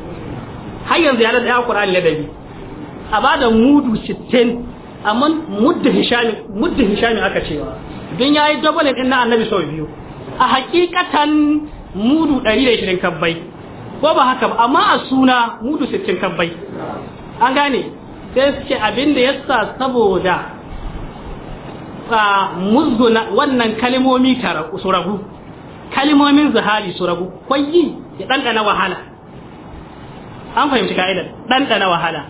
har yanzu ya da Qur'ani ladabi a bada mudu sittin amma mudda hishami mudda aka cewa don yi double ɗin na annabi sau biyu a hakikatan mudu da shirin kabbai ko ba haka ba amma a suna mudu sittin kabbai an gane sai suke abin da yasa saboda a muzguna wannan kalmomi su ragu kalmomin zahari su ragu kwayi ya ɗanɗana wahala an fahimci ka'idar ɗanɗana wahala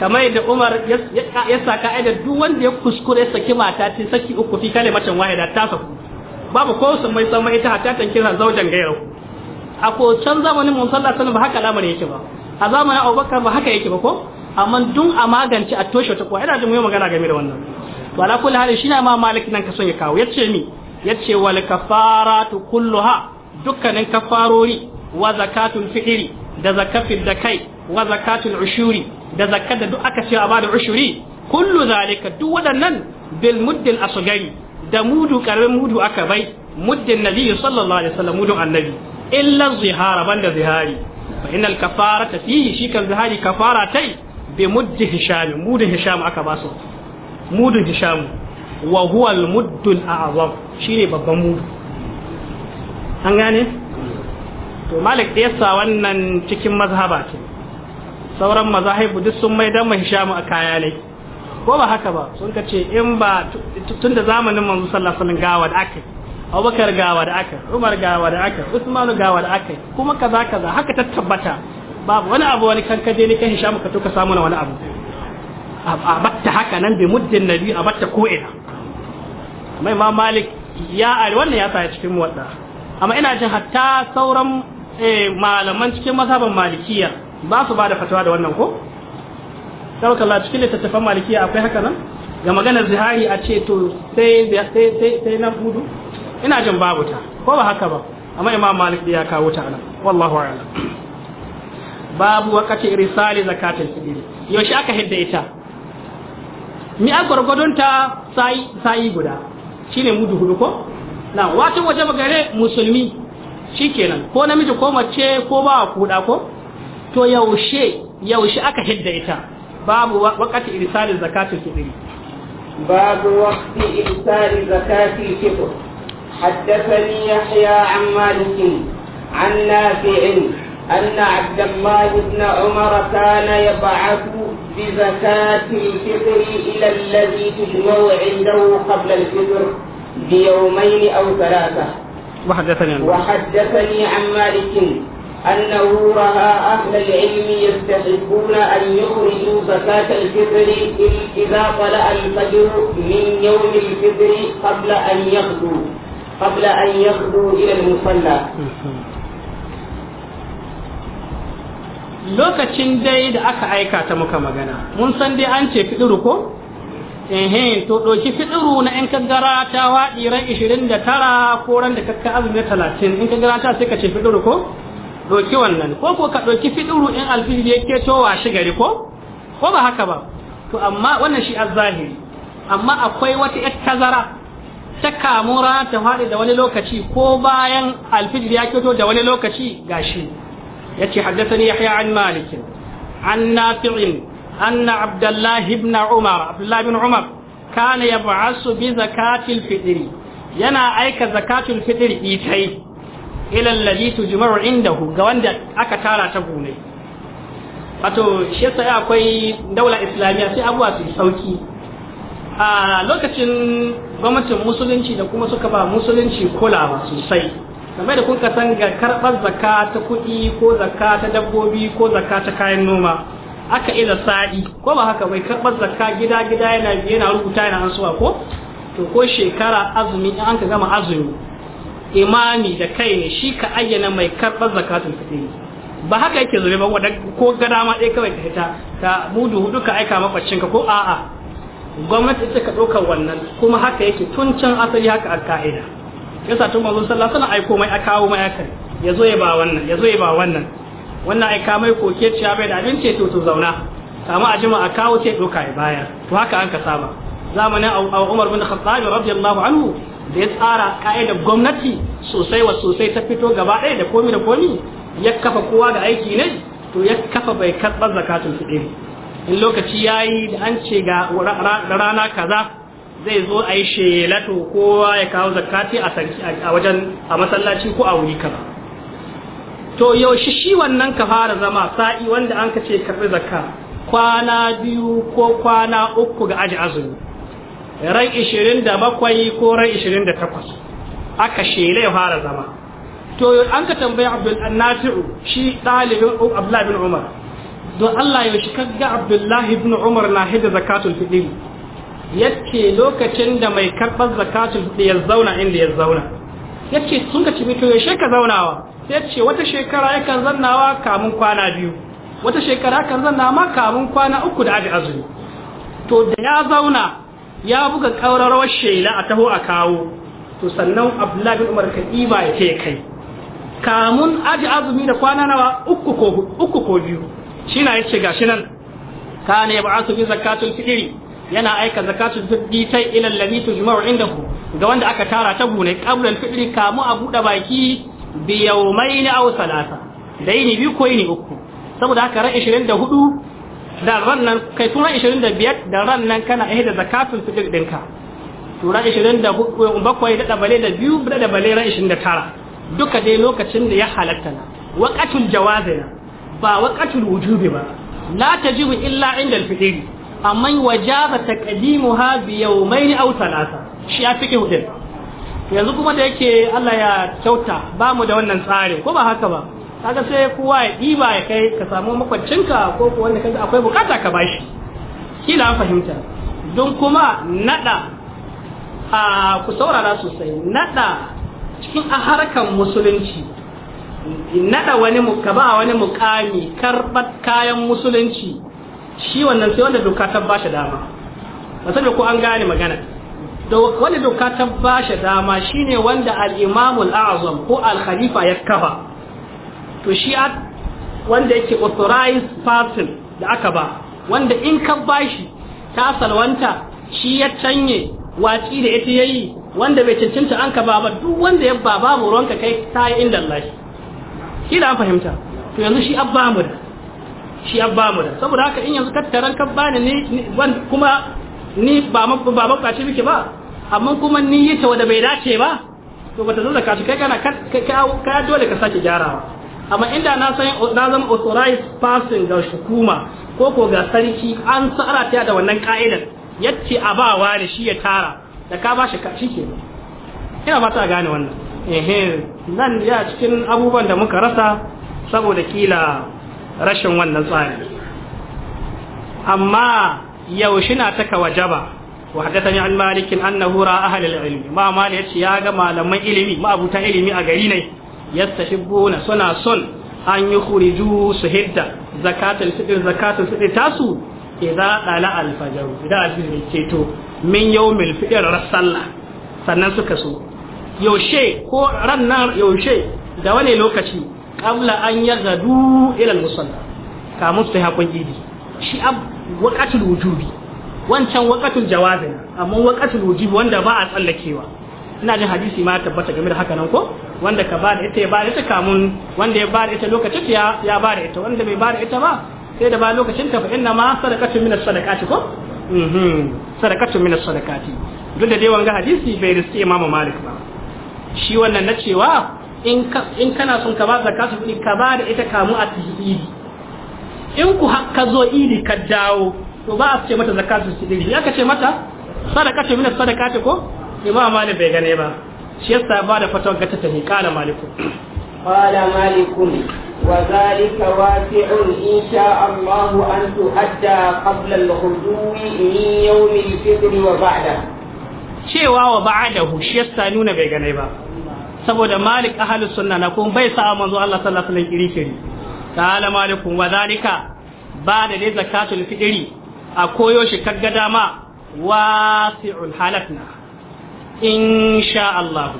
kamar yadda umar ya sa ka'idar duk wanda ya kuskure saki mata ta saki uku fi kalimacin wahida ta saku babu ko sun mai sama ita hatta tankin kira zaujan gairar a ko can zamanin mun sallah sallah ba haka lamar yake ba a zamanin abubakar ba haka yake ba ko amma dun a magance a toshe ta kuwa ina jin mu magana game da wannan to ala kulli hali shine ma malik nan ka son ya kawo yace ni yace wal kafaratu kulluha dukkanin kafarori wa zakatul fitri da zakatul dakai wa zakatul ushuri da zakat da duk aka ce a bada ushuri kullu zalika duk waɗannan bil muddil da mudu karamin mudu aka bai muddin nabi sallallahu alaihi wasallam mudu annabi illa zihara banda zihari fa innal ta fi shi kan zihari kafara tai bi muddi hisham muddi hisham aka basu muddi hisham wa huwa al al a'zam shine babban mudu an gane to malik da yasa wannan cikin mazhaba ce sauran mazahib duk sun mai dan hisham a kaya ne ko ba haka ba sun kace in ba tunda zamanin manzo sallallahu alaihi wasallam da akai abubakar gawa da aka umar gawa da aka Usman gawa da aka kuma kaza kaza haka ta tabbata babu wani abu wani kankaje ne kan hishamu ka to ka samu na wani abu a batta haka nan bi muddin nabi a batta ko ina ma malik ya ari wannan ya sa cikin wadda amma ina jin hatta sauran eh, malaman cikin mazhaban malikiya ba su ba da fatawa da wannan ko Allah cikin littattafan malikiya akwai haka nan ga maganar zihari a ce to sai sai sai na hudu ina jin babu ta ko ba haka ba amma imam malik ya kawo ta anan wallahu a'lam babu wakati irsali zakatul fitr yaushe aka hidda ita mi an gwargwadon ta sai sai guda shine mudu hudu ko na wato waje magare musulmi shikenan ko namiji ko mace ko ba kuda ko to yaushe yaushe aka hidda ita babu wakati irsali zakatul fitr babu wakati irsali zakatul fitr حدثني يحيى عن مالك عن نافع أن عبد الله بن عمر كان يبعث بزكاة الفطر إلى الذي تجمع عنده قبل الفطر بيومين أو ثلاثة وحدثني وحدثني عن مالك أنه رأى أهل العلم يستحقون أن يخرجوا زكاة الفطر إذا طلع الفجر من يوم الفطر قبل أن يغدو قبل أن يغدو إلى المصلى lokacin dai da aka aika ta muka magana mun san dai an ce fiɗiru ko ehe to ɗauki fiɗiru na in kaggara ta waɗi ran 29 ko ran da kakka azumi 30 in kaggara ta sai ka ce fiduru ko ɗauki wannan ko ko ka ɗauki fiduru in alfihir ya ke towa shi gari ko ko ba haka ba to amma wannan shi azzahiri amma akwai wata yar tazara ta kamu rana ta faɗi da wani lokaci ko bayan alfijir ya kyoto da wani lokaci gashi yace haddathani yahya an malik an nafi'in anna abdullah ibn umar Abdullahi ibn umar kana yab'asu bi zakatil fitri yana aika zakatul fitri itai ila alladhi tujma'u indahu ga wanda aka tara ta gune wato shi sai akwai daula islamiyya sai abuwa su sauki a lokacin gwamnatin musulunci da kuma suka ba musulunci kulawa sosai game da kuka san ga karɓar zaka ta kuɗi ko zaka ta dabbobi ko zaka ta kayan noma aka ila sa'i ko ba haka bai karɓar zaka gida gida yana yana rubuta yana ansuwa ko to ko shekara azumi in an ka gama azumi imami da kai ne shi ka ayyana mai karɓar zakatul kuɗi ba haka yake zube ba ko gada ma ɗaya kawai ka hita ta mudu hudu ka aika makwacin ka ko a'a gwamnati ita ka ɗaukar wannan kuma haka yake tun can asali haka a ka'ida ya sa tun manzo sallah suna aiko mai a kawo mai aka ya zo ya ba wannan ya zo ya ba wannan wannan ai ka mai koke ciya bai da abinci to to zauna samu a jima a kawo ce ɗauka ya baya to haka an ka saba zamanin Umar bin khattabi radiyallahu anhu da ya tsara ka'idar gwamnati sosai wa sosai ta fito gaba ɗaya da komi da komi ya kafa kowa da aiki ne to ya kafa bai karɓar zakatun fiɗe in lokaci ya yi da an ce ga rana kaza zai zo a yi shelato kowa ya kawo zakati a wajen a masallaci ko a wuri kaza to yaushe shi wannan ka fara zama sa'i wanda an ka ce karɓi zakka kwana biyu ko kwana uku ga aji azumi ran 27 ko ran 28 aka shela ya fara zama to an ka tambaya abdul annati'u shi ɗalibin abdullahi bin umar don Allah yaushe kaga Abdullahi ibn Umar na hidda zakatul fitr yace lokacin da mai karbar zakatul fitr ya zauna inda ya zauna yace sun ka cibi to yaushe ka zaunawa yace wata shekara yakan zannawa kamun kwana biyu wata shekara kan zanna ma kamun kwana uku da aji azumi to da ya zauna ya buga kaurarawar shela a taho a kawo to sannan Abdullahi ibn Umar ka iba ya kai kamun aji azumi da kwana nawa uku ko uku ko biyu shi na yace gashi nan kana ya ba'asu fi zakatul fitri yana aika zakatul fitri sai ila allazi tujma'u indahu ga wanda aka tara ta gune qablal fitri kamu a buɗe baki bi yawmayn aw salasa da yini biyu ko yini uku saboda haka ran 24 da ran nan kai tun ran 25 da ran nan kana eh da zakatul fitri dinka tura 24 bakwai da dabale da biyu da dabale ran 29 duka dai lokacin da ya halatta na waqatul jawazina ba waqatul wujubi ba la tajibu illa inda al amma wajaba taqdimuha bi yawmayn aw thalatha shi ya fike hudin yanzu kuma da yake Allah ya kyauta ba mu da wannan tsare ko ba haka ba kaga sai kowa ya diba ya kai ka samu makwancinka ko ko wanda kaga akwai bukata ka bashi kila an fahimta don kuma nada a ku saurara sosai nada cikin a harkan musulunci Naɗa wani ka ba wani mukami karɓar kayan musulunci shi wannan sai wanda doka ta shi dama ba saboda ko an gane magana wanda doka ta shi dama ne wanda al azam ko al-Khalifa ya kafa to shi wanda yake authorized person da aka ba wanda in ka bashi ta salwanta shi ya canye watsi da ita yayi wanda bai cancanta an ka ba ba duk wanda ya ba babu ruwanka kai ta yi inda lashi. kila an fahimta to yanzu shi abba mu da shi abba mu da saboda haka in yanzu kattaran ka bani ni kuma ni ba ba mabaci miki ba amma kuma ni yi wanda bai dace ba to bata zo da kashi kai kana ka dole ka sake gyarawa amma inda na san na zama authorized person ga hukuma ko ko ga sarki an tsara ta da wannan ka'idar yace a bawa da shi ya tara da ka bashi shi ke ina ba ta gane wannan ehe nan ya cikin abubuwan da muka rasa saboda kila rashin wannan tsari amma yaushe na taka wajaba wa ni an malikin annahu ra ahli ilmi ma mali yace ya ga malaman ilimi ma abuta ilimi a gari ne yastahibuna suna son an yukhriju suhidda zakatul fitr zakatul fitr tasu idza dala al fajr idza al fitr ceto min yawmil fitr sallah sannan suka so yaushe ko ran na yaushe da wane lokaci qabla an yazadu ila ilal musalla kamun su ya idi shi ab waqatul wujubi wancan waqatul jawazi amma waqatul wujubi wanda ba a tsallakewa ina jin hadisi ma tabbata game da haka nan ko wanda ka bada ita ya bada ita kamun wanda ya bada ita lokacin ya ya bada ita wanda bai bada ita ba sai da ba lokacin ta fa inna ma sadaqatun min as-sadaqati ko mhm sadaqatun min as-sadaqati duk da dai wanga hadisi bai riske imamu malik ba shi wannan na cewa in kana son ka ba zakka su ka ba da ita kamu a tahiri in ku ka zo iri ka dawo to ba a ce mata zaka su tahiri ya ka ce mata sadaka ce mina sadaka ce ko imam malik bai gane ba shi yasa ba da fatawa ga ta tahi kana maliku qala malikun وذلك واسع إن شاء الله أن تؤدى قبل yawm al-fitr wa ba'da cewa wa ba'adahu shi sa nuna bai ganai ba saboda malik ahli sunna na kuma bai sa manzo Allah sallallahu alaihi wasallam kirikiri ta'ala malikum wa zalika ba da dai zakatul fitri a koyo shi kagga dama wasi'ul halatna insha Allah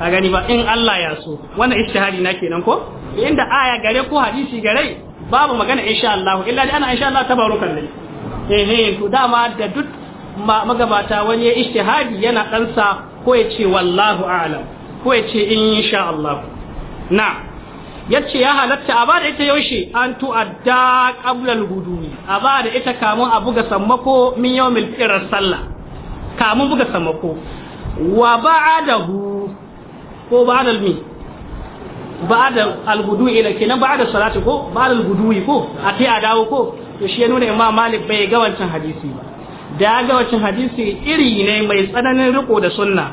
a gani ba in Allah ya so wannan ishtihadi na kenan ko inda aya gare ko hadisi gare babu magana insha Allah illa dai ana insha Allah tabarukan ne eh eh to dama da duk magabata wani ya ishtihadi yana ɗansa ko ya ce wallahu alam ko ya ce in sha Allah na ce ya halatta a bada ita yaushe an tu'adda qabla al-hudumi a bada ita kamun a buga sammako min yau qirar sallah kamun buga sammako wa ba hu ko ba da mi ba al-hudu ila kenan da salati ko ba da hudu ko a a dawo ko to shi ya nuna imam malik bai ga wancan hadisi ba da ga wacin hadisi iri ne mai tsananin riko da sunna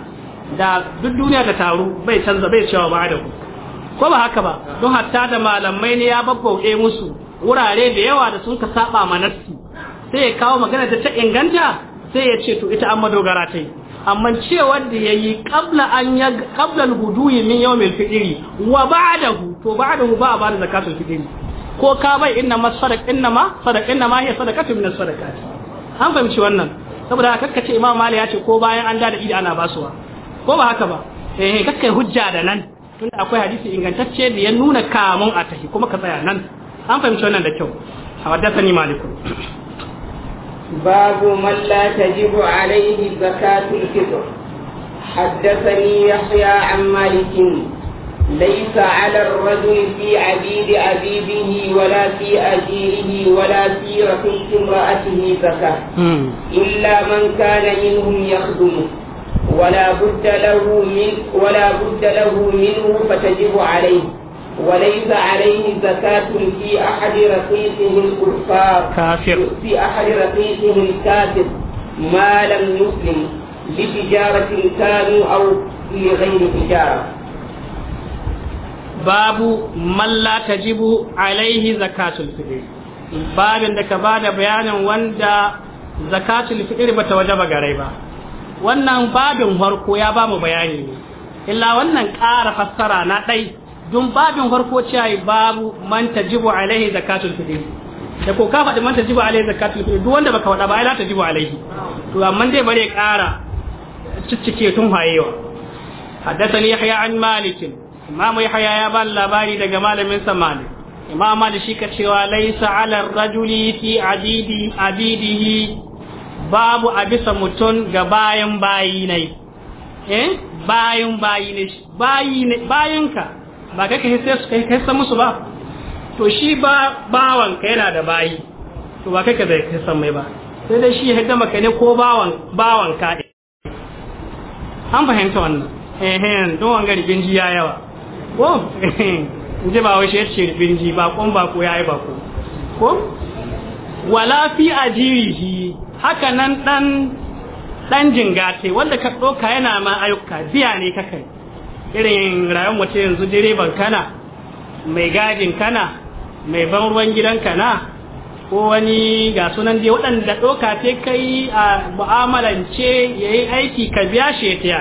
da duk duniya ta taru bai canza bai cewa ba da ku ko ba haka ba don hatta da malamai ne ya babbauke musu wurare da yawa da sun ka saba ma sai ya kawo magana ta ta inganta sai ya ce to ita an madogara ta yi amma cewa da ya yi kabla an ya kabla huduyi min yawmil fitri wa ba'dahu to ba'dahu ba ba da zakatul fitri ko ka bai inna masadaq inna ma sadaq inna ma hiya sadaqatu min as-sadaqati an fahimci wannan saboda haka kace imam malik ya ce ko bayan an da da ana basuwa ko ba haka ba eh kakkai hujja da nan tunda akwai hadisi ingantacce da ya nuna kamun a tahi kuma ka tsaya nan an fahimci wannan da kyau حدثني مالك babu من لا تجب عليه زكاة الفطر حدثني يحيى عن مالك ليس على الرجل في عبيد أبيبه ولا في أجيره ولا في رقيق امرأته زكاة إلا من كان منهم يخدمه ولا بد له من ولا بد له منه فتجب عليه وليس عليه زكاة في أحد رقيقه الكفار كافر في أحد رقيقه الكافر ما لم يسلم لتجارة كانوا أو لغير تجارة babu malla tajibu alaihi zakatul fitr babin da ka bada bayanin wanda zakatul fitr bata wajaba gare ba wannan babin farko ya ba mu bayani ne illa wannan ƙara fassara na dai don babin farko cewa babu man tajibu alaihi zakatul fitr da ko ka faɗi man tajibu alaihi zakatul fitr duk wanda baka faɗa ba ai la tajibu alaihi to amma dai bare ƙara ciccike tun hayewa حدثني يحيى عن مالك imamu yahya ya ba labari daga malamin sa malik imam malik shi ka cewa laisa ala rajuli fi adidi abidihi babu abisa mutun ga bayan bayi ne eh bayan bayi ne bayi ne bayanka ba ka kai sai su kai kai san musu ba to shi ba ka yana da bayi to ba kai ka zai kai san mai ba sai dai shi ya hidda maka ne ko bawan ka an fahimta wannan eh don wanga rigin ya yawa ko je ba wai shi birji ba kon ba ko yayi ba ko ko wala fi ajirihi haka nan dan dan jingate wanda ka doka yana ma ayyuka biya ne kakai irin rayuwar mutum yanzu direban kana mai gadin kana mai ban ruwan gidan kana ko wani ga sunan dai waɗanda doka ce kai a mu'amalance yayi aiki ka biya shi ya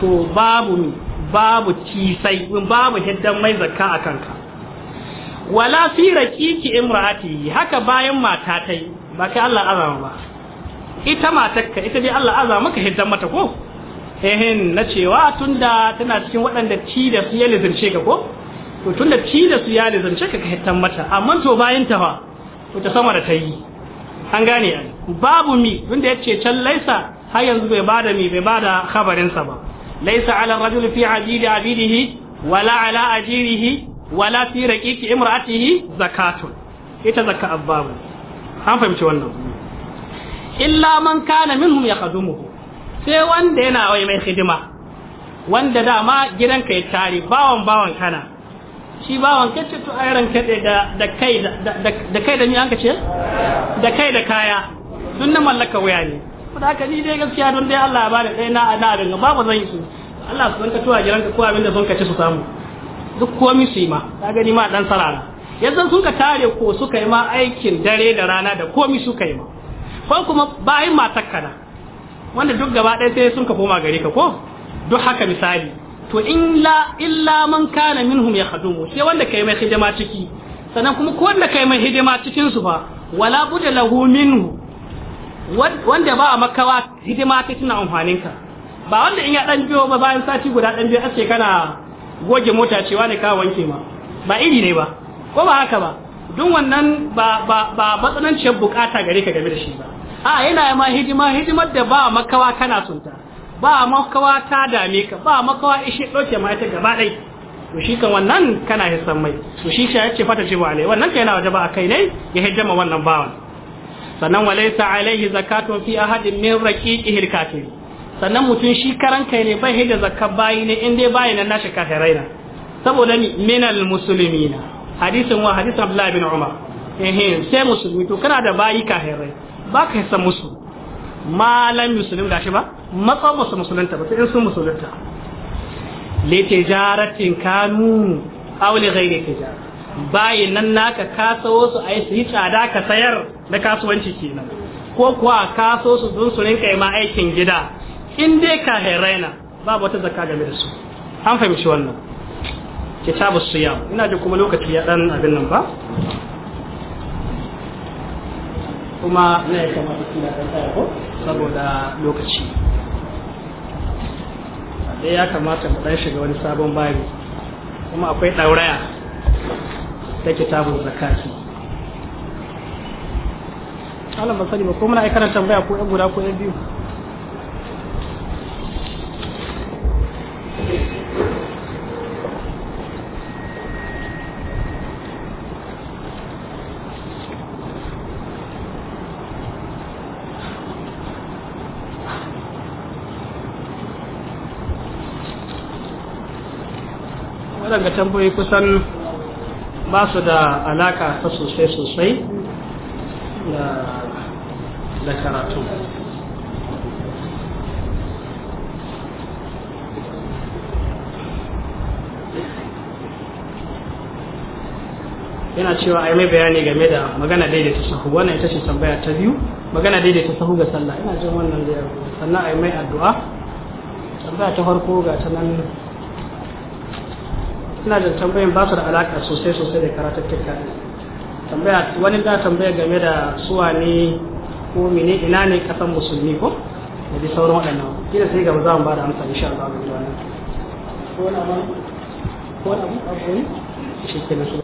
to babu babu cisai babu hiddan mai zakka a kanka wala fi raqiqi imraati haka bayan mata tai ba kai Allah azama ba ita matarka ita dai Allah azama maka hiddan mata ko Eh na cewa tunda tana cikin waɗanda ci da su ya lizance ka ko to tunda ci da su ya lizance ka ka hiddan mata amma to bayan ta fa to ta sama da ta yi an gane babu mi tunda yace can laisa har yanzu bai bada mi bai bada khabarin sa ba laysa ala ar-rajuli fi abidi abidihi wala ala ajirihi wala fi raqiqi imra'atihi zakatun ita zakka abbabu an fahimci wannan illa man sai wanda yana wai mai hidima wanda dama gidan kai tare bawan bawan kana shi bawan kace to ai kade da da kai da kai da ni an kace da kai da kaya sun na mallaka wuya ne da haka ni dai gaskiya don dai Allah ya bada dai na na abin babu zan yi su Allah su ranka tuwa jiran ka ko abin da sun ka ci su samu duk komai su yi ma ka gani ma dan sarara yanzu sun ka tare ko suka yi ma aikin dare da rana da komai suka yi ma ko kuma bayan matakana wanda duk gaba ɗaya sai sun ka koma gare ka ko duk haka misali to in la illa man kana minhum ya khadumu sai wanda kai mai hidima ciki sannan kuma ko wanda kai mai hidima cikin su fa wala budda lahu minhu wanda ba a makawa hidima ta tana amfanin ka ba wanda in ya dan biyo ba bayan sati guda dan biyo ace kana goge mota cewa ne ka wanke ma ba iri ne ba ko ba haka ba duk wannan ba ba ba matsananciyar bukata gare ka game da shi ba a yana ma hidima hidimar da ba a makawa kana sunta ba a makawa ta dame ka ba a makawa ishe ɗauke ma ita gaba ɗaya to shi kan wannan kana hisan mai to shi shi ya ce fata ce ba alai wannan kai na waje ba a kai ne ya hijjama wannan bawan sannan walaysa alaihi zakatu fi ahadin min raqiqihi al-kafir sannan mutun shi karan kai ne bai da zakat bai ne in dai bayi nan nashi kafirai saboda ni minal muslimina hadisin wa hadisin Abdullah ibn Umar eh sai musulmi to kana da bayi kafirai ba ka san musu malam muslim da shi ba matsan musu musulunta ba sai sun musulunta le tijaratin kanu aw li ghairi tijara bayin nan naka ka sawo su a yi tsada ka sayar na kasuwanci kenan ko kuwa ka so su don su rinka ma aikin gida in dai ka heraina babu wata zakka game da su an fahimci wannan kitabu siyam ina ji kuma lokaci ya dan abin nan ba kuma na ya kamata kila dan tsaya ko saboda lokaci dai ya kamata mu dan shiga wani sabon bayani kuma akwai dauraya ta kitabun zakati Allah ba sani ba ko muna aikaran tambaya ko ɗan guda ko ɗan biyu waɗanda tambayi kusan ba su da alaka ta sosai sosai da karatu yana cewa ai mai bayani game da magana daidaita sahu wannan ita ce tambaya ta biyu magana daidaita sahu ga sallah ina jin wannan da sannan ai mai addu'a tambaya ta farko ga ta nan ina da tambayin ba su da alaka sosai sosai da karatun karatuttuka tambaya wani da tambaya game da suwa ne ko mene ina ne kasan musulmi ko da bi sauran waɗannan kila sai gaba za mu ba da amsa insha Allah ga wannan ko na ko na abu shi kenan